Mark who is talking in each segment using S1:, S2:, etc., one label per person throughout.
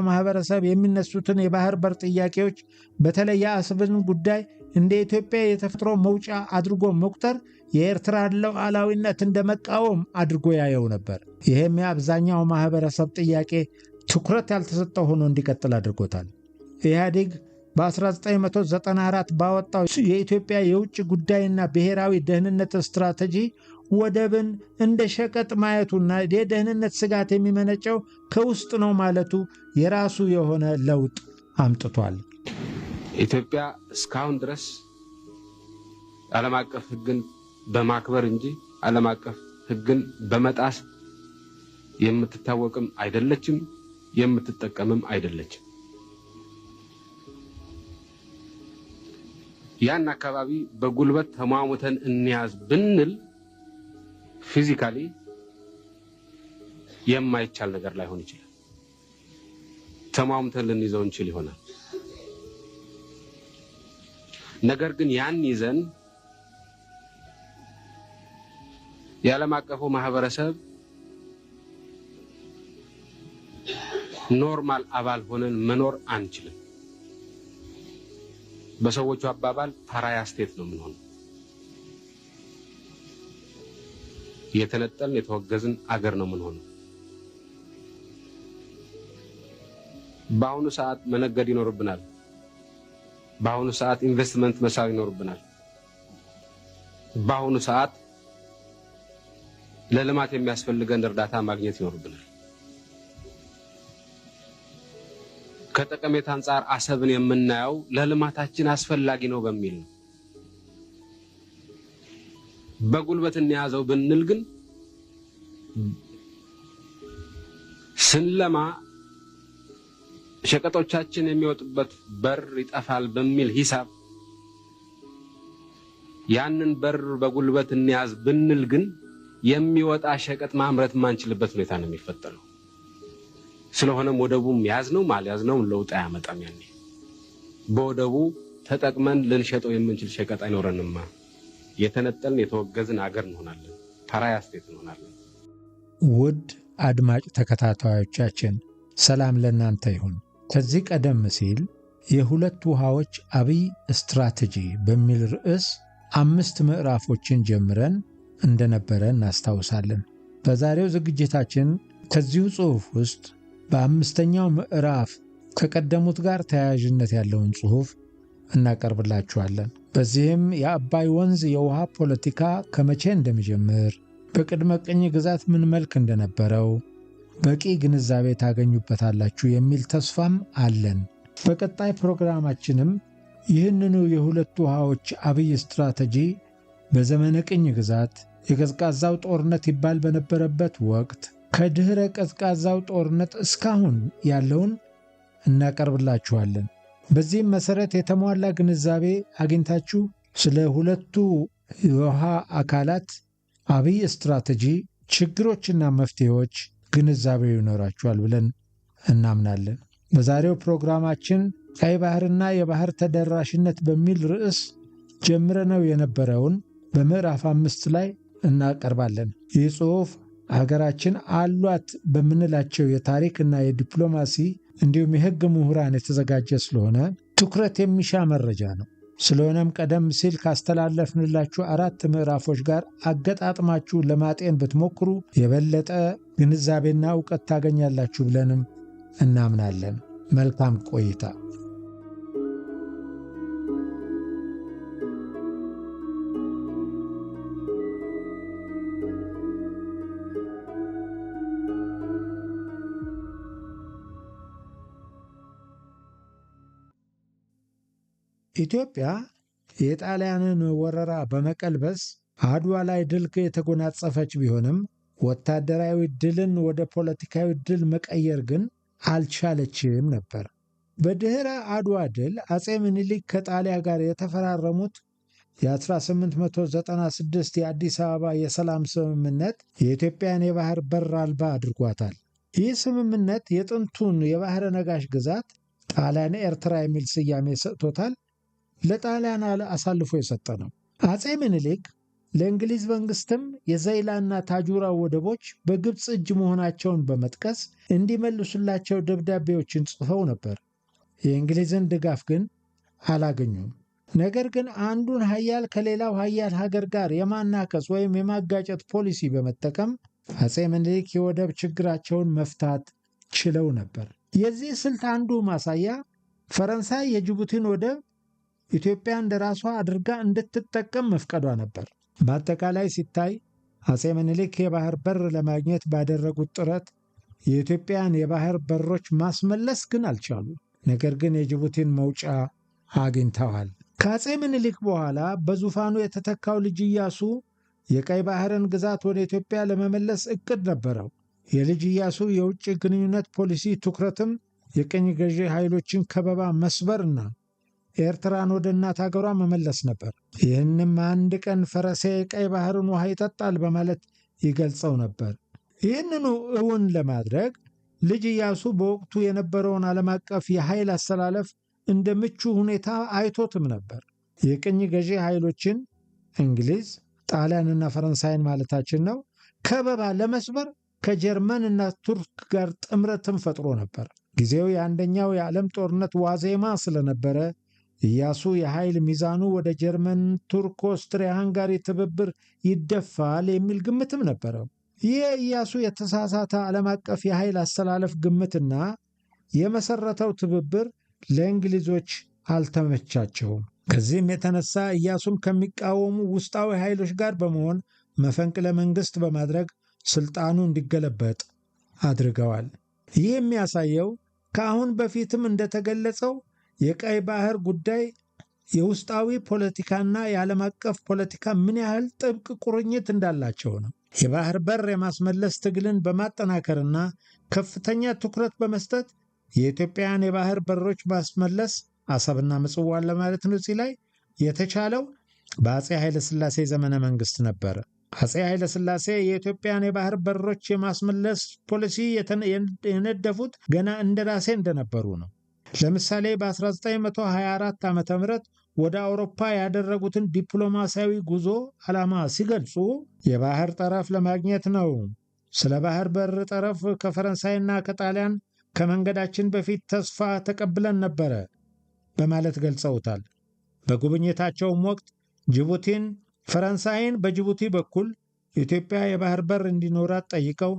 S1: የቀጠናው ማህበረሰብ የሚነሱትን የባህር በር ጥያቄዎች በተለይ የአሰብን ጉዳይ እንደ ኢትዮጵያ የተፈጥሮ መውጫ አድርጎ መቁጠር የኤርትራ ሉዓላዊነት እንደ መቃወም አድርጎ ያየው ነበር። ይህም የአብዛኛው ማህበረሰብ ጥያቄ ትኩረት ያልተሰጠው ሆኖ እንዲቀጥል አድርጎታል። ኢህአዴግ በ1994 ባወጣው የኢትዮጵያ የውጭ ጉዳይና ብሔራዊ ደህንነት ስትራቴጂ ወደብን እንደ ሸቀጥ ማየቱና የደህንነት ስጋት የሚመነጨው ከውስጥ ነው ማለቱ የራሱ የሆነ ለውጥ አምጥቷል።
S2: ኢትዮጵያ እስካሁን ድረስ ዓለም አቀፍ ሕግን በማክበር እንጂ ዓለም አቀፍ ሕግን በመጣስ የምትታወቅም አይደለችም፣ የምትጠቀምም አይደለችም። ያን አካባቢ በጉልበት ተሟሙተን እንያዝ ብንል ፊዚካሊ የማይቻል ነገር ላይሆን ይችላል። ተሟምተን ልንይዘው እንችል ይሆናል። ነገር ግን ያን ይዘን የዓለም አቀፉ ማህበረሰብ ኖርማል አባል ሆነን መኖር አንችልም። በሰዎቹ አባባል ፓራያ ስቴት ነው የምንሆነው። የተነጠልን የተወገዝን አገር ነው ሆነ? በአሁኑ ሰዓት መነገድ ይኖርብናል። በአሁኑ ሰዓት ኢንቨስትመንት መሳብ ይኖርብናል። በአሁኑ ሰዓት ለልማት የሚያስፈልገን እርዳታ ማግኘት ይኖርብናል። ከጠቀሜታ አንጻር አሰብን የምናየው ለልማታችን አስፈላጊ ነው በሚል ነው። በጉልበት እንያዘው ብንል ግን ስንለማ ሸቀጦቻችን የሚወጡበት በር ይጠፋል በሚል ሂሳብ ያንን በር በጉልበት እንያዝ ብንል ግን የሚወጣ ሸቀጥ ማምረት የማንችልበት ሁኔታ ነው የሚፈጠረው። ስለሆነም ወደቡም ያዝ አልያዝነውም ለውጥ አያመጣም። ያኔ በወደቡ ተጠቅመን ልንሸጠው የምንችል ሸቀጥ አይኖረንማ። የተነጠልን የተወገዝን አገር እንሆናለን። ፓራያ ስቴት እንሆናለን።
S1: ውድ አድማጭ ተከታታዮቻችን ሰላም ለእናንተ ይሁን። ከዚህ ቀደም ሲል የሁለት ውሃዎች አብይ ስትራቴጂ በሚል ርዕስ አምስት ምዕራፎችን ጀምረን እንደነበረ እናስታውሳለን። በዛሬው ዝግጅታችን ከዚሁ ጽሑፍ ውስጥ በአምስተኛው ምዕራፍ ከቀደሙት ጋር ተያያዥነት ያለውን ጽሑፍ እናቀርብላችኋለን። በዚህም የአባይ ወንዝ የውሃ ፖለቲካ ከመቼ እንደሚጀምር፣ በቅድመ ቅኝ ግዛት ምን መልክ እንደነበረው በቂ ግንዛቤ ታገኙበታላችሁ የሚል ተስፋም አለን። በቀጣይ ፕሮግራማችንም ይህንኑ የሁለቱ ውሃዎች አብይ ስትራቴጂ በዘመነ ቅኝ ግዛት የቀዝቃዛው ጦርነት ይባል በነበረበት ወቅት ከድኅረ ቀዝቃዛው ጦርነት እስካሁን ያለውን እናቀርብላችኋለን። በዚህም መሰረት የተሟላ ግንዛቤ አግኝታችሁ ስለ ሁለቱ የውሃ አካላት አብይ ስትራቴጂ ችግሮችና መፍትሄዎች ግንዛቤ ይኖራችኋል ብለን እናምናለን። በዛሬው ፕሮግራማችን ቀይ ባህርና የባህር ተደራሽነት በሚል ርዕስ ጀምረነው የነበረውን በምዕራፍ አምስት ላይ እናቀርባለን። ይህ ጽሑፍ ሀገራችን አሏት በምንላቸው የታሪክና የዲፕሎማሲ እንዲሁም የህግ ምሁራን የተዘጋጀ ስለሆነ ትኩረት የሚሻ መረጃ ነው። ስለሆነም ቀደም ሲል ካስተላለፍንላችሁ አራት ምዕራፎች ጋር አገጣጥማችሁ ለማጤን ብትሞክሩ የበለጠ ግንዛቤና እውቀት ታገኛላችሁ ብለንም እናምናለን። መልካም ቆይታ። ኢትዮጵያ የጣሊያንን ወረራ በመቀልበስ አድዋ ላይ ድል የተጎናጸፈች ቢሆንም ወታደራዊ ድልን ወደ ፖለቲካዊ ድል መቀየር ግን አልቻለችም ነበር። በድኅረ አድዋ ድል አጼ ምኒልክ ከጣሊያ ጋር የተፈራረሙት የ1896 የአዲስ አበባ የሰላም ስምምነት የኢትዮጵያን የባህር በር አልባ አድርጓታል። ይህ ስምምነት የጥንቱን የባህረ ነጋሽ ግዛት ጣሊያን ኤርትራ የሚል ስያሜ ሰጥቶታል። ለጣሊያን አሳልፎ የሰጠ ነው። አጼ ምኒልክ ለእንግሊዝ መንግስትም የዘይላና ታጁራ ወደቦች በግብፅ እጅ መሆናቸውን በመጥቀስ እንዲመልሱላቸው ደብዳቤዎችን ጽፈው ነበር። የእንግሊዝን ድጋፍ ግን አላገኙም። ነገር ግን አንዱን ሀያል ከሌላው ሀያል ሀገር ጋር የማናከስ ወይም የማጋጨት ፖሊሲ በመጠቀም አጼ ምኒልክ የወደብ ችግራቸውን መፍታት ችለው ነበር። የዚህ ስልት አንዱ ማሳያ ፈረንሳይ የጅቡቲን ወደብ ኢትዮጵያ እንደ ራሷ አድርጋ እንድትጠቀም መፍቀዷ ነበር። በአጠቃላይ ሲታይ አጼ ምኒልክ የባህር በር ለማግኘት ባደረጉት ጥረት የኢትዮጵያን የባህር በሮች ማስመለስ ግን አልቻሉ። ነገር ግን የጅቡቲን መውጫ አግኝተዋል። ከአጼ ምኒልክ በኋላ በዙፋኑ የተተካው ልጅ ኢያሱ የቀይ ባህርን ግዛት ወደ ኢትዮጵያ ለመመለስ እቅድ ነበረው። የልጅ ኢያሱ የውጭ ግንኙነት ፖሊሲ ትኩረትም የቅኝ ገዢ ኃይሎችን ከበባ መስበርና ኤርትራን ወደ እናት ሀገሯ መመለስ ነበር። ይህንም አንድ ቀን ፈረሴ ቀይ ባህርን ውሃ ይጠጣል በማለት ይገልጸው ነበር። ይህንኑ እውን ለማድረግ ልጅ ኢያሱ በወቅቱ የነበረውን ዓለም አቀፍ የኃይል አሰላለፍ እንደ ምቹ ሁኔታ አይቶትም ነበር። የቅኝ ገዢ ኃይሎችን እንግሊዝ፣ ጣሊያንና ፈረንሳይን ማለታችን ነው ከበባ ለመስበር ከጀርመን እና ቱርክ ጋር ጥምረትም ፈጥሮ ነበር። ጊዜው የአንደኛው የዓለም ጦርነት ዋዜማ ስለነበረ ኢያሱ የኃይል ሚዛኑ ወደ ጀርመን፣ ቱርክ፣ ኦስትሪያ፣ ሃንጋሪ ትብብር ይደፋል የሚል ግምትም ነበረው። ይህ ኢያሱ የተሳሳተ ዓለም አቀፍ የኃይል አሰላለፍ ግምትና የመሰረተው ትብብር ለእንግሊዞች አልተመቻቸውም። ከዚህም የተነሳ እያሱም ከሚቃወሙ ውስጣዊ ኃይሎች ጋር በመሆን መፈንቅለ መንግሥት በማድረግ ስልጣኑ እንዲገለበጥ አድርገዋል። ይህ የሚያሳየው ከአሁን በፊትም እንደተገለጸው የቀይ ባህር ጉዳይ የውስጣዊ ፖለቲካና የዓለም አቀፍ ፖለቲካ ምን ያህል ጥብቅ ቁርኝት እንዳላቸው ነው። የባህር በር የማስመለስ ትግልን በማጠናከርና ከፍተኛ ትኩረት በመስጠት የኢትዮጵያን የባህር በሮች ማስመለስ አሰብና ምጽዋን ለማለት ነው እዚህ ላይ የተቻለው በአፄ ኃይለሥላሴ ዘመነ መንግስት ነበረ። አፄ ኃይለሥላሴ የኢትዮጵያን የባህር በሮች የማስመለስ ፖሊሲ የነደፉት ገና እንደራሴ እንደነበሩ ነው። ለምሳሌ በ1924 ዓ ም ወደ አውሮፓ ያደረጉትን ዲፕሎማሲያዊ ጉዞ ዓላማ ሲገልጹ የባህር ጠረፍ ለማግኘት ነው። ስለ ባህር በር ጠረፍ ከፈረንሳይና ከጣሊያን ከመንገዳችን በፊት ተስፋ ተቀብለን ነበረ በማለት ገልጸውታል። በጉብኝታቸውም ወቅት ጅቡቲን፣ ፈረንሳይን በጅቡቲ በኩል ኢትዮጵያ የባህር በር እንዲኖራት ጠይቀው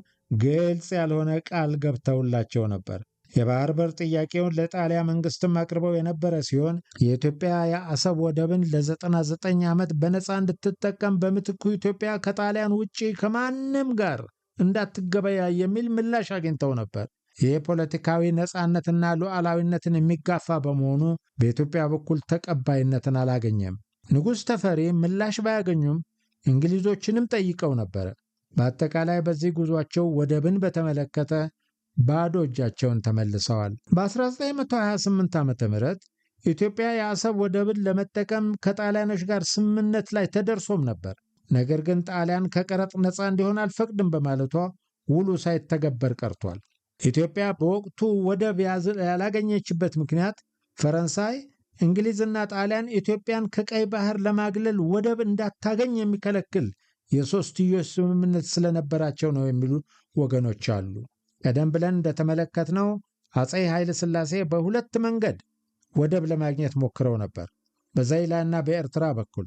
S1: ግልጽ ያልሆነ ቃል ገብተውላቸው ነበር። የባህር በር ጥያቄውን ለጣሊያ መንግስትም አቅርበው የነበረ ሲሆን የኢትዮጵያ የአሰብ ወደብን ለ99 ዓመት በነፃ እንድትጠቀም በምትኩ ኢትዮጵያ ከጣሊያን ውጪ ከማንም ጋር እንዳትገበያ የሚል ምላሽ አግኝተው ነበር። ይህ ፖለቲካዊ ነፃነትና ሉዓላዊነትን የሚጋፋ በመሆኑ በኢትዮጵያ በኩል ተቀባይነትን አላገኘም። ንጉሥ ተፈሪ ምላሽ ባያገኙም እንግሊዞችንም ጠይቀው ነበር። በአጠቃላይ በዚህ ጉዟቸው ወደብን በተመለከተ ባዶ እጃቸውን ተመልሰዋል። በ1928 ዓ ም ኢትዮጵያ የአሰብ ወደብን ለመጠቀም ከጣሊያኖች ጋር ስምምነት ላይ ተደርሶም ነበር። ነገር ግን ጣሊያን ከቀረጥ ነፃ እንዲሆን አልፈቅድም በማለቷ ውሉ ሳይተገበር ቀርቷል። ኢትዮጵያ በወቅቱ ወደብ ያላገኘችበት ምክንያት ፈረንሳይ፣ እንግሊዝና ጣሊያን ኢትዮጵያን ከቀይ ባህር ለማግለል ወደብ እንዳታገኝ የሚከለክል የሶስትዮሽ ስምምነት ስለነበራቸው ነው የሚሉ ወገኖች አሉ። ቀደም ብለን እንደተመለከትነው አጼ ኃይለ ሥላሴ በሁለት መንገድ ወደብ ለማግኘት ሞክረው ነበር፣ በዛይላና በኤርትራ በኩል።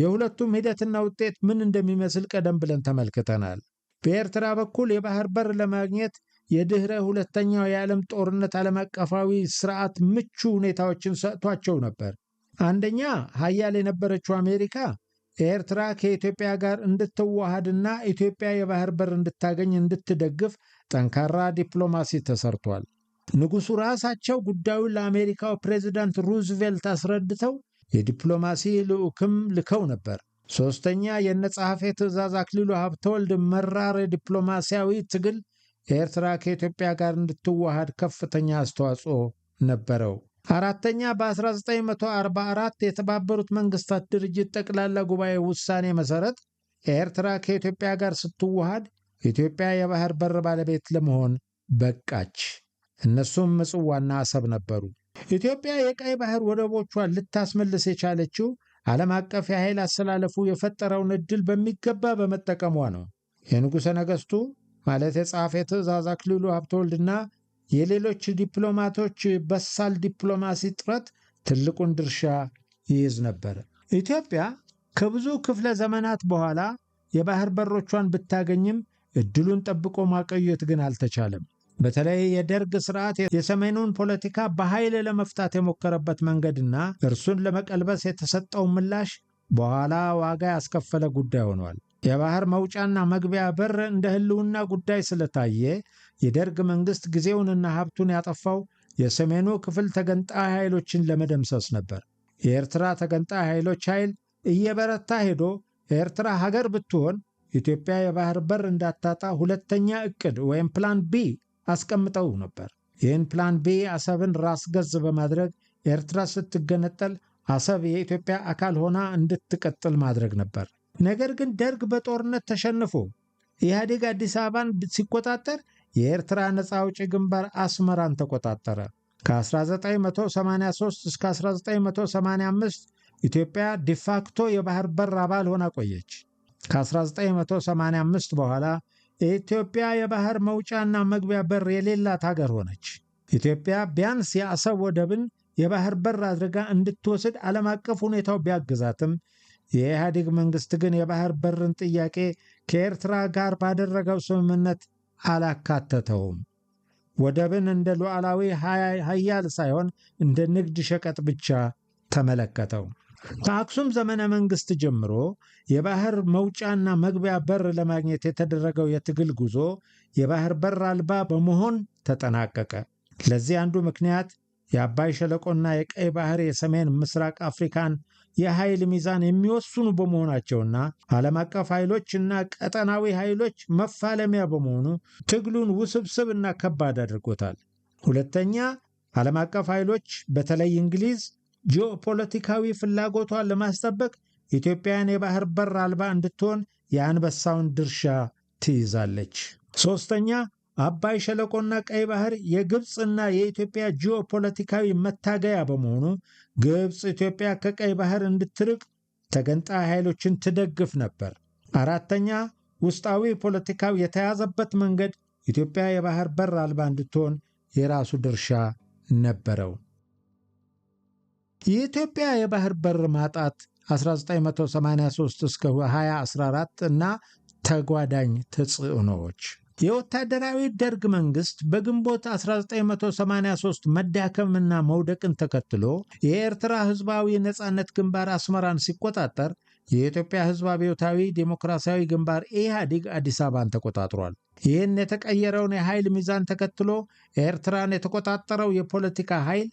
S1: የሁለቱም ሂደትና ውጤት ምን እንደሚመስል ቀደም ብለን ተመልክተናል። በኤርትራ በኩል የባህር በር ለማግኘት የድኅረ ሁለተኛው የዓለም ጦርነት ዓለም አቀፋዊ ስርዓት ምቹ ሁኔታዎችን ሰጥቷቸው ነበር። አንደኛ ሀያል የነበረችው አሜሪካ ኤርትራ ከኢትዮጵያ ጋር እንድትዋሃድና ኢትዮጵያ የባህር በር እንድታገኝ እንድትደግፍ ጠንካራ ዲፕሎማሲ ተሰርቷል። ንጉሡ ራሳቸው ጉዳዩን ለአሜሪካው ፕሬዚዳንት ሩዝቬልት አስረድተው የዲፕሎማሲ ልዑክም ልከው ነበር። ሦስተኛ የነ ጸሐፌ ትእዛዝ አክሊሉ ሀብተወልድ መራር ዲፕሎማሲያዊ ትግል ኤርትራ ከኢትዮጵያ ጋር እንድትዋሃድ ከፍተኛ አስተዋጽኦ ነበረው። አራተኛ በ1944 የተባበሩት መንግስታት ድርጅት ጠቅላላ ጉባኤ ውሳኔ መሠረት ኤርትራ ከኢትዮጵያ ጋር ስትዋሃድ ኢትዮጵያ የባህር በር ባለቤት ለመሆን በቃች። እነሱም ምጽዋና አሰብ ነበሩ። ኢትዮጵያ የቀይ ባህር ወደቦቿን ልታስመልስ የቻለችው ዓለም አቀፍ የኃይል አሰላለፉ የፈጠረውን ዕድል በሚገባ በመጠቀሟ ነው። የንጉሠ ነገሥቱ ማለት የጸሐፌ ትእዛዝ አክሊሉ ሀብተወልድና የሌሎች ዲፕሎማቶች በሳል ዲፕሎማሲ ጥረት ትልቁን ድርሻ ይይዝ ነበር። ኢትዮጵያ ከብዙ ክፍለ ዘመናት በኋላ የባህር በሮቿን ብታገኝም እድሉን ጠብቆ ማቆየት ግን አልተቻለም። በተለይ የደርግ ስርዓት የሰሜኑን ፖለቲካ በኃይል ለመፍታት የሞከረበት መንገድና እርሱን ለመቀልበስ የተሰጠው ምላሽ በኋላ ዋጋ ያስከፈለ ጉዳይ ሆኗል። የባህር መውጫና መግቢያ በር እንደ ህልውና ጉዳይ ስለታየ የደርግ መንግሥት ጊዜውንና ሀብቱን ያጠፋው የሰሜኑ ክፍል ተገንጣይ ኃይሎችን ለመደምሰስ ነበር። የኤርትራ ተገንጣይ ኃይሎች ኃይል እየበረታ ሄዶ ኤርትራ ሀገር ብትሆን ኢትዮጵያ የባህር በር እንዳታጣ ሁለተኛ እቅድ ወይም ፕላን ቢ አስቀምጠው ነበር። ይህን ፕላን ቢ አሰብን ራስ ገዝ በማድረግ ኤርትራ ስትገነጠል አሰብ የኢትዮጵያ አካል ሆና እንድትቀጥል ማድረግ ነበር። ነገር ግን ደርግ በጦርነት ተሸንፎ ኢህአዴግ አዲስ አበባን ሲቆጣጠር የኤርትራ ነፃ አውጪ ግንባር አስመራን ተቆጣጠረ። ከ1983 እስከ 1985 ኢትዮጵያ ዲፋክቶ የባህር በር አባል ሆና ቆየች። ከ1985 በኋላ የኢትዮጵያ የባህር መውጫና መግቢያ በር የሌላት ሀገር ሆነች። ኢትዮጵያ ቢያንስ የአሰብ ወደብን የባህር በር አድርጋ እንድትወስድ ዓለም አቀፍ ሁኔታው ቢያግዛትም የኢህአዴግ መንግሥት ግን የባህር በርን ጥያቄ ከኤርትራ ጋር ባደረገው ስምምነት አላካተተውም። ወደብን እንደ ሉዓላዊ ሀያል ሳይሆን እንደ ንግድ ሸቀጥ ብቻ ተመለከተው። ከአክሱም ዘመነ መንግስት ጀምሮ የባህር መውጫና መግቢያ በር ለማግኘት የተደረገው የትግል ጉዞ የባህር በር አልባ በመሆን ተጠናቀቀ። ለዚህ አንዱ ምክንያት የአባይ ሸለቆና የቀይ ባህር የሰሜን ምስራቅ አፍሪካን የኃይል ሚዛን የሚወስኑ በመሆናቸውና ዓለም አቀፍ ኃይሎችና ቀጠናዊ ኃይሎች መፋለሚያ በመሆኑ ትግሉን ውስብስብ እና ከባድ አድርጎታል። ሁለተኛ ዓለም አቀፍ ኃይሎች በተለይ እንግሊዝ ጂኦፖለቲካዊ ፍላጎቷን ለማስጠበቅ ኢትዮጵያን የባህር በር አልባ እንድትሆን የአንበሳውን ድርሻ ትይዛለች። ሶስተኛ አባይ ሸለቆና ቀይ ባህር የግብፅና የኢትዮጵያ ጂኦፖለቲካዊ መታገያ በመሆኑ ግብፅ ኢትዮጵያ ከቀይ ባህር እንድትርቅ ተገንጣይ ኃይሎችን ትደግፍ ነበር። አራተኛ ውስጣዊ ፖለቲካው የተያዘበት መንገድ ኢትዮጵያ የባህር በር አልባ እንድትሆን የራሱ ድርሻ ነበረው። የኢትዮጵያ የባህር በር ማጣት 1983 እስከ 2014 እና ተጓዳኝ ተጽዕኖዎች የወታደራዊ ደርግ መንግስት በግንቦት 1983 መዳከምና መውደቅን ተከትሎ የኤርትራ ህዝባዊ ነፃነት ግንባር አስመራን ሲቆጣጠር የኢትዮጵያ ህዝብ አብዮታዊ ዴሞክራሲያዊ ግንባር ኢህአዲግ አዲስ አበባን ተቆጣጥሯል። ይህን የተቀየረውን የኃይል ሚዛን ተከትሎ ኤርትራን የተቆጣጠረው የፖለቲካ ኃይል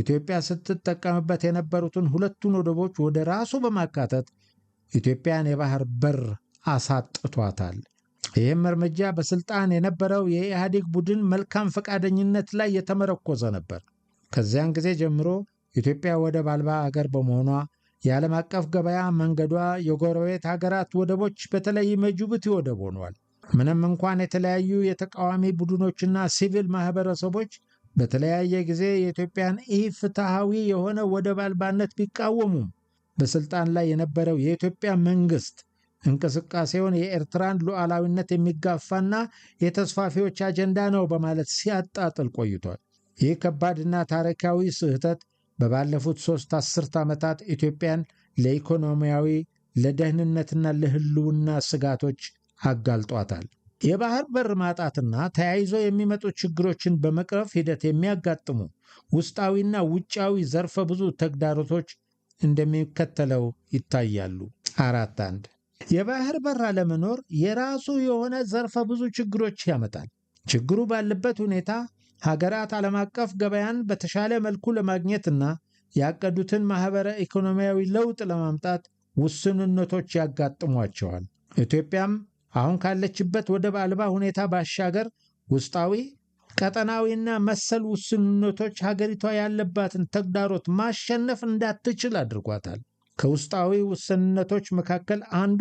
S1: ኢትዮጵያ ስትጠቀምበት የነበሩትን ሁለቱን ወደቦች ወደ ራሱ በማካተት ኢትዮጵያን የባህር በር አሳጥቷታል። ይህም እርምጃ በስልጣን የነበረው የኢህአዴግ ቡድን መልካም ፈቃደኝነት ላይ የተመረኮዘ ነበር። ከዚያን ጊዜ ጀምሮ ኢትዮጵያ ወደብ አልባ አገር በመሆኗ የዓለም አቀፍ ገበያ መንገዷ የጎረቤት ሀገራት ወደቦች በተለይም የጅቡቲ ወደብ ሆኗል። ምንም እንኳን የተለያዩ የተቃዋሚ ቡድኖችና ሲቪል ማህበረሰቦች በተለያየ ጊዜ የኢትዮጵያን ኢፍትሐዊ የሆነ ወደብ አልባነት ቢቃወሙም በስልጣን ላይ የነበረው የኢትዮጵያ መንግስት እንቅስቃሴውን የኤርትራን ሉዓላዊነት የሚጋፋና የተስፋፊዎች አጀንዳ ነው በማለት ሲያጣጥል ቆይቷል። ይህ ከባድና ታሪካዊ ስህተት በባለፉት ሦስት አስርት ዓመታት ኢትዮጵያን ለኢኮኖሚያዊ፣ ለደህንነትና ለህልውና ስጋቶች አጋልጧታል። የባህር በር ማጣትና ተያይዘው የሚመጡ ችግሮችን በመቅረፍ ሂደት የሚያጋጥሙ ውስጣዊና ውጫዊ ዘርፈ ብዙ ተግዳሮቶች እንደሚከተለው ይታያሉ። አራት አንድ የባህር በር አለመኖር የራሱ የሆነ ዘርፈ ብዙ ችግሮች ያመጣል። ችግሩ ባለበት ሁኔታ ሀገራት ዓለም አቀፍ ገበያን በተሻለ መልኩ ለማግኘትና ያቀዱትን ማኅበረ ኢኮኖሚያዊ ለውጥ ለማምጣት ውስንነቶች ያጋጥሟቸዋል። ኢትዮጵያም አሁን ካለችበት ወደብ አልባ ሁኔታ ባሻገር ውስጣዊ ቀጠናዊና መሰል ውስንነቶች ሀገሪቷ ያለባትን ተግዳሮት ማሸነፍ እንዳትችል አድርጓታል። ከውስጣዊ ውስንነቶች መካከል አንዱ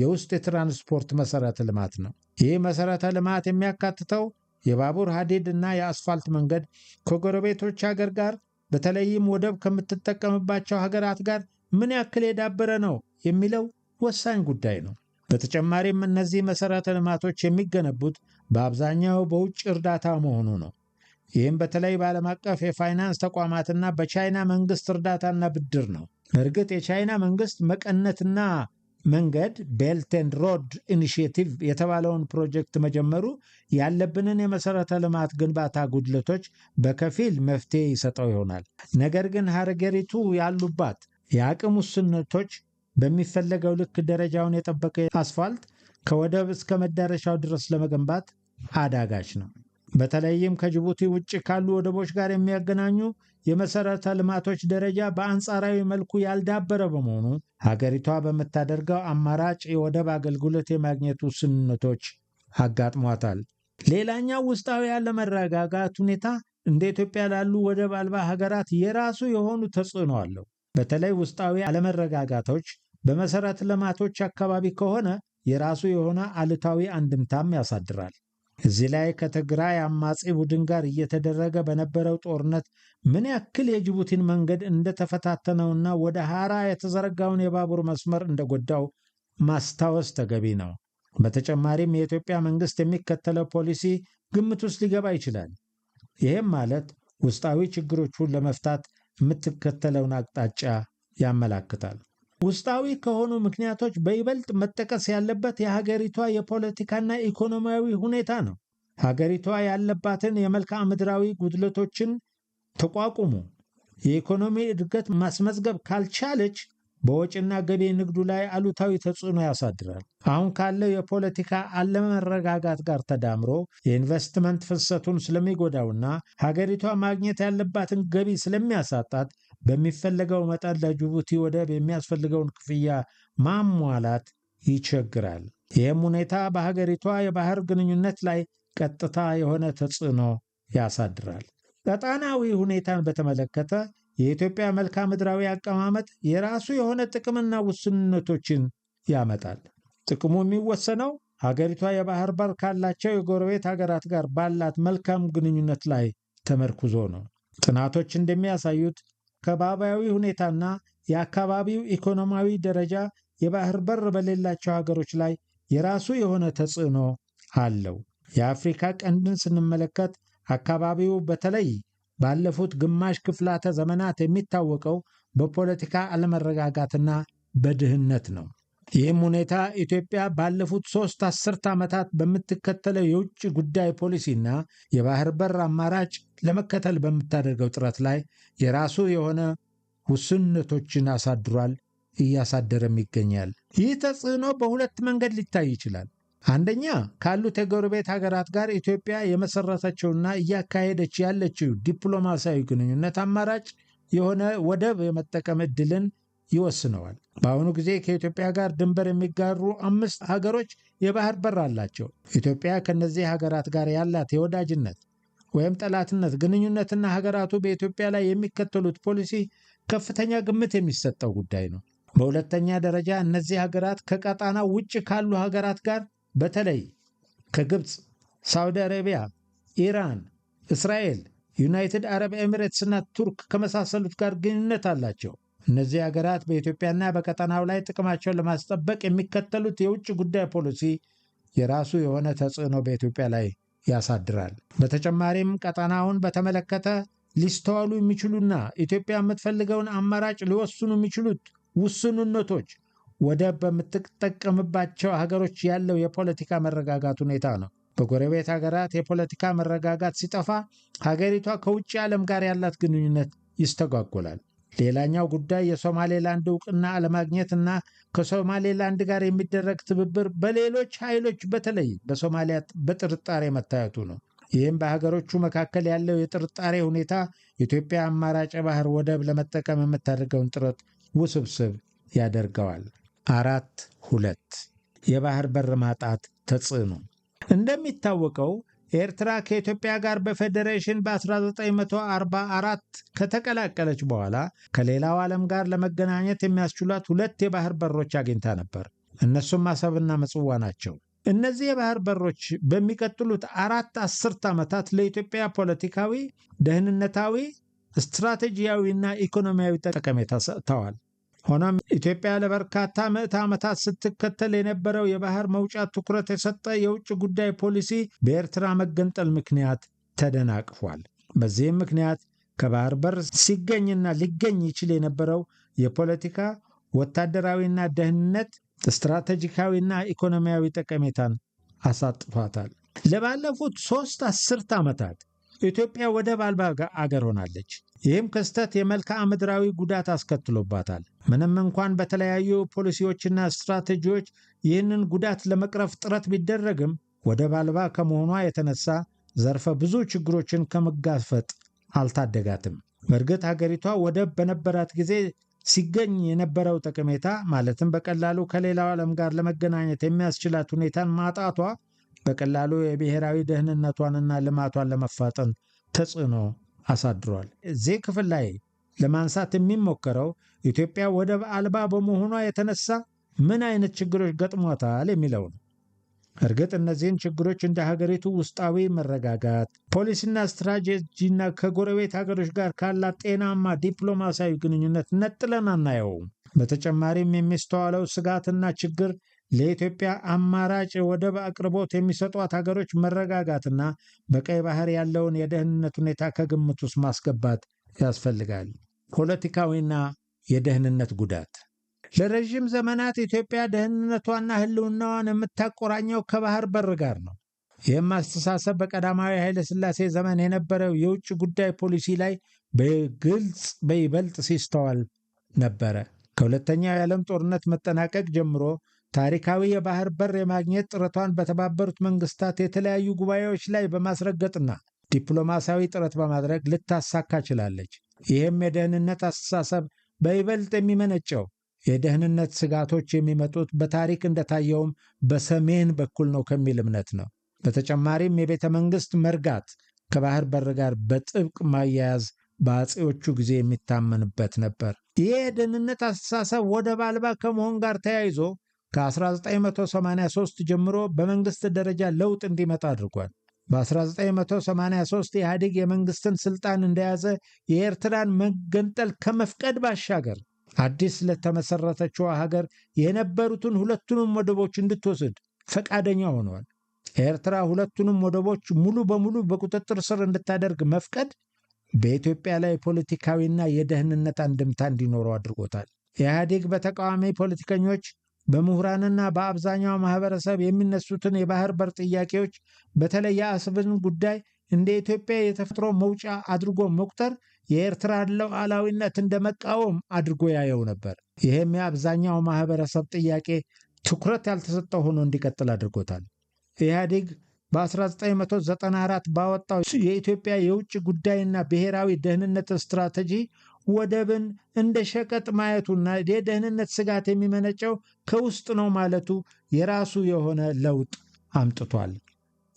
S1: የውስጥ የትራንስፖርት መሠረተ ልማት ነው። ይህ መሠረተ ልማት የሚያካትተው የባቡር ሀዲድ እና የአስፋልት መንገድ ከጎረቤቶች ሀገር ጋር በተለይም ወደብ ከምትጠቀምባቸው ሀገራት ጋር ምን ያክል የዳበረ ነው የሚለው ወሳኝ ጉዳይ ነው። በተጨማሪም እነዚህ መሠረተ ልማቶች የሚገነቡት በአብዛኛው በውጭ እርዳታ መሆኑ ነው። ይህም በተለይ በዓለም አቀፍ የፋይናንስ ተቋማትና በቻይና መንግስት እርዳታና ብድር ነው። እርግጥ የቻይና መንግስት መቀነትና መንገድ ቤልት ሮድ ኢኒሽቲቭ የተባለውን ፕሮጀክት መጀመሩ ያለብንን የመሠረተ ልማት ግንባታ ጉድለቶች በከፊል መፍትሄ ይሰጠው ይሆናል። ነገር ግን ሀገሪቱ ያሉባት የአቅም ውስንነቶች በሚፈለገው ልክ ደረጃውን የጠበቀ አስፋልት ከወደብ እስከ መዳረሻው ድረስ ለመገንባት አዳጋች ነው። በተለይም ከጅቡቲ ውጭ ካሉ ወደቦች ጋር የሚያገናኙ የመሰረተ ልማቶች ደረጃ በአንጻራዊ መልኩ ያልዳበረ በመሆኑ ሀገሪቷ በምታደርገው አማራጭ የወደብ አገልግሎት የማግኘት ውስንነቶች አጋጥሟታል። ሌላኛው ውስጣዊ ያለመረጋጋት ሁኔታ እንደ ኢትዮጵያ ላሉ ወደብ አልባ ሀገራት የራሱ የሆኑ ተጽዕኖ አለው። በተለይ ውስጣዊ አለመረጋጋቶች በመሰረተ ልማቶች አካባቢ ከሆነ የራሱ የሆነ አሉታዊ አንድምታም ያሳድራል። እዚህ ላይ ከትግራይ አማጺ ቡድን ጋር እየተደረገ በነበረው ጦርነት ምን ያክል የጅቡቲን መንገድ እንደተፈታተነውና ወደ ሐራ የተዘረጋውን የባቡር መስመር እንደጎዳው ማስታወስ ተገቢ ነው። በተጨማሪም የኢትዮጵያ መንግስት የሚከተለው ፖሊሲ ግምት ውስጥ ሊገባ ይችላል። ይህም ማለት ውስጣዊ ችግሮቹን ለመፍታት የምትከተለውን አቅጣጫ ያመላክታል። ውስጣዊ ከሆኑ ምክንያቶች በይበልጥ መጠቀስ ያለበት የሀገሪቷ የፖለቲካና ኢኮኖሚያዊ ሁኔታ ነው። ሀገሪቷ ያለባትን የመልክዓ ምድራዊ ጉድለቶችን ተቋቁሞ የኢኮኖሚ እድገት ማስመዝገብ ካልቻለች በወጪና ገቢ ንግዱ ላይ አሉታዊ ተጽዕኖ ያሳድራል። አሁን ካለው የፖለቲካ አለመረጋጋት ጋር ተዳምሮ የኢንቨስትመንት ፍሰቱን ስለሚጎዳውና ሀገሪቷ ማግኘት ያለባትን ገቢ ስለሚያሳጣት በሚፈለገው መጠን ለጅቡቲ ወደብ የሚያስፈልገውን ክፍያ ማሟላት ይቸግራል። ይህም ሁኔታ በሀገሪቷ የባህር ግንኙነት ላይ ቀጥታ የሆነ ተጽዕኖ ያሳድራል። ቀጣናዊ ሁኔታን በተመለከተ የኢትዮጵያ መልክዓ ምድራዊ አቀማመጥ የራሱ የሆነ ጥቅምና ውስንነቶችን ያመጣል። ጥቅሙ የሚወሰነው ሀገሪቷ የባህር በር ካላቸው የጎረቤት ሀገራት ጋር ባላት መልካም ግንኙነት ላይ ተመርኩዞ ነው። ጥናቶች እንደሚያሳዩት ከባቢያዊ ሁኔታና የአካባቢው ኢኮኖሚያዊ ደረጃ የባህር በር በሌላቸው ሀገሮች ላይ የራሱ የሆነ ተጽዕኖ አለው። የአፍሪካ ቀንድን ስንመለከት አካባቢው በተለይ ባለፉት ግማሽ ክፍላተ ዘመናት የሚታወቀው በፖለቲካ አለመረጋጋትና በድህነት ነው። ይህም ሁኔታ ኢትዮጵያ ባለፉት ሶስት አስርት ዓመታት በምትከተለው የውጭ ጉዳይ ፖሊሲና የባህር በር አማራጭ ለመከተል በምታደርገው ጥረት ላይ የራሱ የሆነ ውስንነቶችን አሳድሯል፣ እያሳደረም ይገኛል። ይህ ተጽዕኖ በሁለት መንገድ ሊታይ ይችላል። አንደኛ ካሉት የጎረቤት ሀገራት ጋር ኢትዮጵያ የመሰረተችውና እያካሄደች ያለችው ዲፕሎማሲያዊ ግንኙነት አማራጭ የሆነ ወደብ የመጠቀም እድልን ይወስነዋል። በአሁኑ ጊዜ ከኢትዮጵያ ጋር ድንበር የሚጋሩ አምስት ሀገሮች የባህር በር አላቸው። ኢትዮጵያ ከእነዚህ ሀገራት ጋር ያላት የወዳጅነት ወይም ጠላትነት ግንኙነትና ሀገራቱ በኢትዮጵያ ላይ የሚከተሉት ፖሊሲ ከፍተኛ ግምት የሚሰጠው ጉዳይ ነው። በሁለተኛ ደረጃ እነዚህ ሀገራት ከቀጣና ውጭ ካሉ ሀገራት ጋር በተለይ ከግብፅ፣ ሳውዲ አረቢያ፣ ኢራን፣ እስራኤል፣ ዩናይትድ አረብ ኤሚሬትስ እና ቱርክ ከመሳሰሉት ጋር ግንኙነት አላቸው። እነዚህ ሀገራት በኢትዮጵያና በቀጠናው ላይ ጥቅማቸውን ለማስጠበቅ የሚከተሉት የውጭ ጉዳይ ፖሊሲ የራሱ የሆነ ተጽዕኖ በኢትዮጵያ ላይ ያሳድራል። በተጨማሪም ቀጠናውን በተመለከተ ሊስተዋሉ የሚችሉና ኢትዮጵያ የምትፈልገውን አማራጭ ሊወስኑ የሚችሉት ውስንነቶች ወደብ በምትጠቀምባቸው ሀገሮች ያለው የፖለቲካ መረጋጋት ሁኔታ ነው። በጎረቤት ሀገራት የፖለቲካ መረጋጋት ሲጠፋ ሀገሪቷ ከውጭ ዓለም ጋር ያላት ግንኙነት ይስተጓጎላል። ሌላኛው ጉዳይ የሶማሌላንድ እውቅና አለማግኘትና ከሶማሌላንድ ጋር የሚደረግ ትብብር በሌሎች ኃይሎች በተለይ በሶማሊያ በጥርጣሬ መታየቱ ነው። ይህም በሀገሮቹ መካከል ያለው የጥርጣሬ ሁኔታ ኢትዮጵያ አማራጭ ባህር ወደብ ለመጠቀም የምታደርገውን ጥረት ውስብስብ ያደርገዋል። አራት ሁለት የባህር በር ማጣት ተጽዕኖ እንደሚታወቀው ኤርትራ ከኢትዮጵያ ጋር በፌዴሬሽን በ1944 ከተቀላቀለች በኋላ ከሌላው ዓለም ጋር ለመገናኘት የሚያስችሏት ሁለት የባህር በሮች አግኝታ ነበር። እነሱም አሰብና ምጽዋ ናቸው። እነዚህ የባህር በሮች በሚቀጥሉት አራት አስርት ዓመታት ለኢትዮጵያ ፖለቲካዊ፣ ደህንነታዊ፣ ስትራቴጂያዊና ኢኮኖሚያዊ ጠቀሜታ ሰጥተዋል። ሆኖም ኢትዮጵያ ለበርካታ ምዕት ዓመታት ስትከተል የነበረው የባህር መውጫ ትኩረት የሰጠ የውጭ ጉዳይ ፖሊሲ በኤርትራ መገንጠል ምክንያት ተደናቅፏል። በዚህም ምክንያት ከባህር በር ሲገኝና ሊገኝ ይችል የነበረው የፖለቲካ ወታደራዊና ደህንነት ስትራቴጂካዊና ኢኮኖሚያዊ ጠቀሜታን አሳጥቷታል። ለባለፉት ሶስት አስርት ዓመታት ኢትዮጵያ ወደብ አልባ አገር ሆናለች። ይህም ክስተት የመልክዓ ምድራዊ ጉዳት አስከትሎባታል። ምንም እንኳን በተለያዩ ፖሊሲዎችና ስትራቴጂዎች ይህንን ጉዳት ለመቅረፍ ጥረት ቢደረግም ወደብ አልባ ከመሆኗ የተነሳ ዘርፈ ብዙ ችግሮችን ከመጋፈጥ አልታደጋትም። በእርግጥ ሀገሪቷ ወደብ በነበራት ጊዜ ሲገኝ የነበረው ጠቀሜታ ማለትም በቀላሉ ከሌላው ዓለም ጋር ለመገናኘት የሚያስችላት ሁኔታን ማጣቷ በቀላሉ የብሔራዊ ደህንነቷንና ልማቷን ለመፋጠን ተጽዕኖ አሳድሯል። እዚህ ክፍል ላይ ለማንሳት የሚሞከረው ኢትዮጵያ ወደብ አልባ በመሆኗ የተነሳ ምን አይነት ችግሮች ገጥሟታል የሚለው ነው። እርግጥ እነዚህን ችግሮች እንደ ሀገሪቱ ውስጣዊ መረጋጋት፣ ፖሊሲና ስትራቴጂና ከጎረቤት ሀገሮች ጋር ካላት ጤናማ ዲፕሎማሲያዊ ግንኙነት ነጥለን አናየው። በተጨማሪም የሚስተዋለው ስጋትና ችግር ለኢትዮጵያ አማራጭ ወደብ አቅርቦት የሚሰጧት ሀገሮች መረጋጋትና በቀይ ባህር ያለውን የደህንነት ሁኔታ ከግምት ውስጥ ማስገባት ያስፈልጋል። ፖለቲካዊና የደህንነት ጉዳት ለረዥም ዘመናት ኢትዮጵያ ደህንነቷና ህልውናዋን የምታቆራኘው ከባህር በር ጋር ነው። ይህም አስተሳሰብ በቀዳማዊ ኃይለሥላሴ ዘመን የነበረው የውጭ ጉዳይ ፖሊሲ ላይ በግልጽ በይበልጥ ሲስተዋል ነበረ። ከሁለተኛው የዓለም ጦርነት መጠናቀቅ ጀምሮ ታሪካዊ የባህር በር የማግኘት ጥረቷን በተባበሩት መንግስታት የተለያዩ ጉባኤዎች ላይ በማስረገጥና ዲፕሎማሲያዊ ጥረት በማድረግ ልታሳካ ችላለች። ይህም የደህንነት አስተሳሰብ በይበልጥ የሚመነጨው የደህንነት ስጋቶች የሚመጡት በታሪክ እንደታየውም በሰሜን በኩል ነው ከሚል እምነት ነው። በተጨማሪም የቤተ መንግስት መርጋት ከባህር በር ጋር በጥብቅ ማያያዝ በአጼዎቹ ጊዜ የሚታመንበት ነበር። ይህ የደህንነት አስተሳሰብ ወደብ አልባ ከመሆን ጋር ተያይዞ ከ1983 ጀምሮ በመንግስት ደረጃ ለውጥ እንዲመጣ አድርጓል። በ1983 ኢህአዴግ የመንግስትን ስልጣን እንደያዘ የኤርትራን መገንጠል ከመፍቀድ ባሻገር አዲስ ለተመሰረተችው ሀገር የነበሩትን ሁለቱንም ወደቦች እንድትወስድ ፈቃደኛ ሆኗል። ኤርትራ ሁለቱንም ወደቦች ሙሉ በሙሉ በቁጥጥር ስር እንድታደርግ መፍቀድ በኢትዮጵያ ላይ ፖለቲካዊና የደህንነት አንድምታ እንዲኖረው አድርጎታል። ኢህአዴግ በተቃዋሚ ፖለቲከኞች በምሁራንና በአብዛኛው ማህበረሰብ የሚነሱትን የባህር በር ጥያቄዎች በተለይ የአሰብን ጉዳይ እንደ ኢትዮጵያ የተፈጥሮ መውጫ አድርጎ መቁጠር የኤርትራን ሉዓላዊነት እንደ መቃወም አድርጎ ያየው ነበር። ይህም የአብዛኛው ማህበረሰብ ጥያቄ ትኩረት ያልተሰጠው ሆኖ እንዲቀጥል አድርጎታል። ኢህአዴግ በ1994 ባወጣው የኢትዮጵያ የውጭ ጉዳይና ብሔራዊ ደህንነት ስትራቴጂ ወደብን እንደ ሸቀጥ ማየቱና የደህንነት ስጋት የሚመነጨው ከውስጥ ነው ማለቱ የራሱ የሆነ ለውጥ አምጥቷል።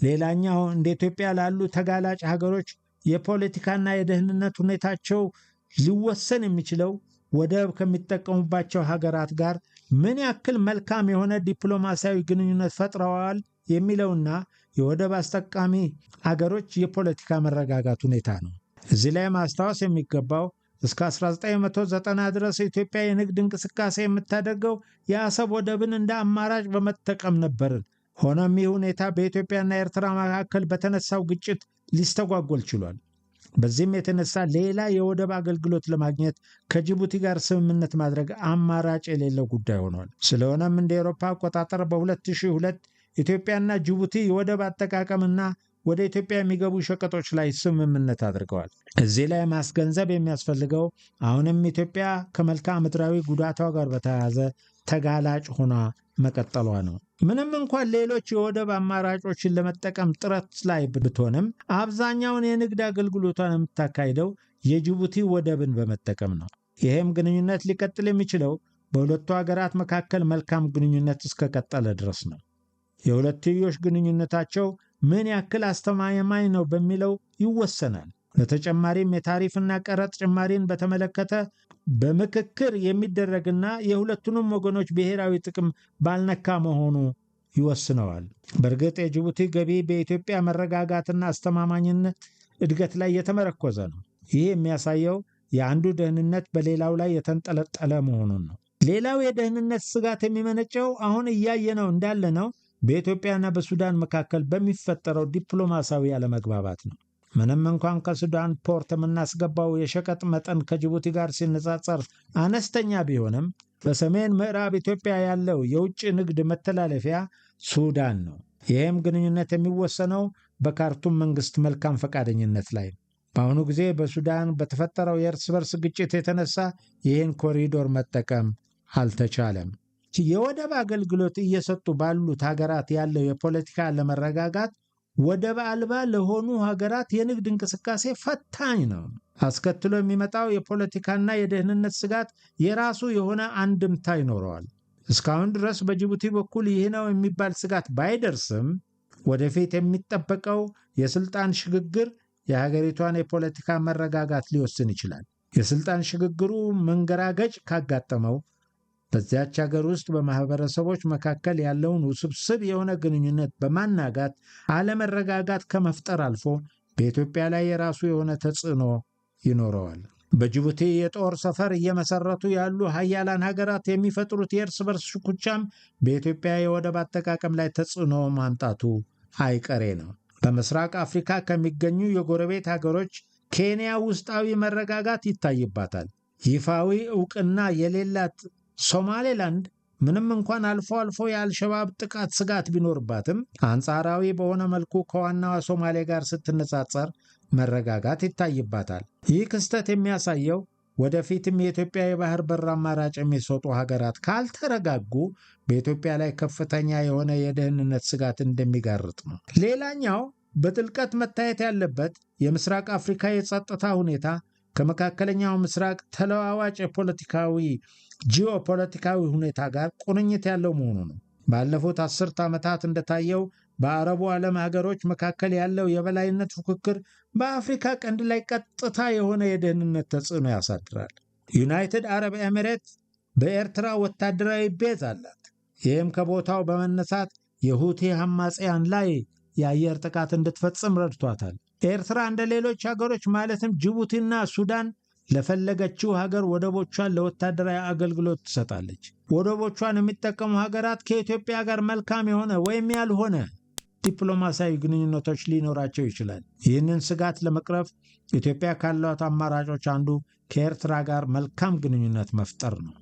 S1: ሌላኛው እንደ ኢትዮጵያ ላሉ ተጋላጭ ሀገሮች የፖለቲካና የደህንነት ሁኔታቸው ሊወሰን የሚችለው ወደብ ከሚጠቀሙባቸው ሀገራት ጋር ምን ያክል መልካም የሆነ ዲፕሎማሲያዊ ግንኙነት ፈጥረዋል የሚለውና የወደብ አስጠቃሚ ሀገሮች የፖለቲካ መረጋጋት ሁኔታ ነው። እዚህ ላይ ማስታወስ የሚገባው እስከ 1990 ድረስ ኢትዮጵያ የንግድ እንቅስቃሴ የምታደርገው የአሰብ ወደብን እንደ አማራጭ በመጠቀም ነበርን። ሆኖም ይህ ሁኔታ በኢትዮጵያና ኤርትራ መካከል በተነሳው ግጭት ሊስተጓጎል ችሏል። በዚህም የተነሳ ሌላ የወደብ አገልግሎት ለማግኘት ከጅቡቲ ጋር ስምምነት ማድረግ አማራጭ የሌለው ጉዳይ ሆኗል። ስለሆነም እንደ ኤሮፓ አቆጣጠር በ2002 ኢትዮጵያና ጅቡቲ የወደብ አጠቃቀምና ወደ ኢትዮጵያ የሚገቡ ሸቀጦች ላይ ስምምነት አድርገዋል። እዚህ ላይ ማስገንዘብ የሚያስፈልገው አሁንም ኢትዮጵያ ከመልክዓ ምድራዊ ጉዳቷ ጋር በተያያዘ ተጋላጭ ሆና መቀጠሏ ነው። ምንም እንኳን ሌሎች የወደብ አማራጮችን ለመጠቀም ጥረት ላይ ብትሆንም አብዛኛውን የንግድ አገልግሎቷን የምታካሂደው የጅቡቲ ወደብን በመጠቀም ነው። ይሄም ግንኙነት ሊቀጥል የሚችለው በሁለቱ ሀገራት መካከል መልካም ግንኙነት እስከቀጠለ ድረስ ነው። የሁለትዮሽ ግንኙነታቸው ምን ያክል አስተማማኝ ነው በሚለው ይወሰናል። በተጨማሪም የታሪፍና ቀረጥ ጭማሪን በተመለከተ በምክክር የሚደረግና የሁለቱንም ወገኖች ብሔራዊ ጥቅም ባልነካ መሆኑ ይወስነዋል። በእርግጥ የጅቡቲ ገቢ በኢትዮጵያ መረጋጋትና አስተማማኝነት እድገት ላይ የተመረኮዘ ነው። ይህ የሚያሳየው የአንዱ ደህንነት በሌላው ላይ የተንጠለጠለ መሆኑን ነው። ሌላው የደህንነት ስጋት የሚመነጨው አሁን እያየነው ነው። በኢትዮጵያና በሱዳን መካከል በሚፈጠረው ዲፕሎማሲያዊ አለመግባባት ነው። ምንም እንኳን ከሱዳን ፖርት የምናስገባው የሸቀጥ መጠን ከጅቡቲ ጋር ሲነጻጸር አነስተኛ ቢሆንም በሰሜን ምዕራብ ኢትዮጵያ ያለው የውጭ ንግድ መተላለፊያ ሱዳን ነው። ይህም ግንኙነት የሚወሰነው በካርቱም መንግስት መልካም ፈቃደኝነት ላይ ነው። በአሁኑ ጊዜ በሱዳን በተፈጠረው የእርስ በርስ ግጭት የተነሳ ይህን ኮሪዶር መጠቀም አልተቻለም። የወደብ አገልግሎት እየሰጡ ባሉት ሀገራት ያለው የፖለቲካ አለመረጋጋት ወደብ አልባ ለሆኑ ሀገራት የንግድ እንቅስቃሴ ፈታኝ ነው። አስከትሎ የሚመጣው የፖለቲካና የደህንነት ስጋት የራሱ የሆነ አንድምታ ይኖረዋል። እስካሁን ድረስ በጅቡቲ በኩል ይህ ነው የሚባል ስጋት ባይደርስም ወደፊት የሚጠበቀው የስልጣን ሽግግር የሀገሪቷን የፖለቲካ መረጋጋት ሊወስን ይችላል። የስልጣን ሽግግሩ መንገራገጭ ካጋጠመው በዚያች ሀገር ውስጥ በማህበረሰቦች መካከል ያለውን ውስብስብ የሆነ ግንኙነት በማናጋት አለመረጋጋት ከመፍጠር አልፎ በኢትዮጵያ ላይ የራሱ የሆነ ተጽዕኖ ይኖረዋል። በጅቡቲ የጦር ሰፈር እየመሰረቱ ያሉ ሀያላን ሀገራት የሚፈጥሩት የእርስ በርስ ሽኩቻም በኢትዮጵያ የወደብ አጠቃቀም ላይ ተጽዕኖ ማምጣቱ አይቀሬ ነው። በምስራቅ አፍሪካ ከሚገኙ የጎረቤት ሀገሮች ኬንያ ውስጣዊ መረጋጋት ይታይባታል። ይፋዊ እውቅና የሌላት ሶማሌላንድ ምንም እንኳን አልፎ አልፎ የአልሸባብ ጥቃት ስጋት ቢኖርባትም አንጻራዊ በሆነ መልኩ ከዋናዋ ሶማሌ ጋር ስትነጻጸር መረጋጋት ይታይባታል። ይህ ክስተት የሚያሳየው ወደፊትም የኢትዮጵያ የባህር በር አማራጭ የሚሰጡ ሀገራት ካልተረጋጉ በኢትዮጵያ ላይ ከፍተኛ የሆነ የደህንነት ስጋት እንደሚጋርጥ ነው። ሌላኛው በጥልቀት መታየት ያለበት የምስራቅ አፍሪካ የጸጥታ ሁኔታ ከመካከለኛው ምስራቅ ተለዋዋጭ የፖለቲካዊ ጂኦፖለቲካዊ ሁኔታ ጋር ቁርኝት ያለው መሆኑ ነው። ባለፉት አስርት ዓመታት እንደታየው በአረቡ ዓለም ሀገሮች መካከል ያለው የበላይነት ፉክክር በአፍሪካ ቀንድ ላይ ቀጥታ የሆነ የደህንነት ተጽዕኖ ያሳድራል። ዩናይትድ አረብ ኤምሬት በኤርትራ ወታደራዊ ቤዝ አላት። ይህም ከቦታው በመነሳት የሁቲ አማጽያን ላይ የአየር ጥቃት እንድትፈጽም ረድቷታል። ኤርትራ እንደ ሌሎች ሀገሮች ማለትም ጅቡቲና ሱዳን ለፈለገችው ሀገር ወደቦቿን ለወታደራዊ አገልግሎት ትሰጣለች። ወደቦቿን የሚጠቀሙ ሀገራት ከኢትዮጵያ ጋር መልካም የሆነ ወይም ያልሆነ ዲፕሎማሲያዊ ግንኙነቶች ሊኖራቸው ይችላል። ይህንን ስጋት ለመቅረፍ ኢትዮጵያ ካሏት አማራጮች አንዱ ከኤርትራ ጋር መልካም ግንኙነት መፍጠር ነው።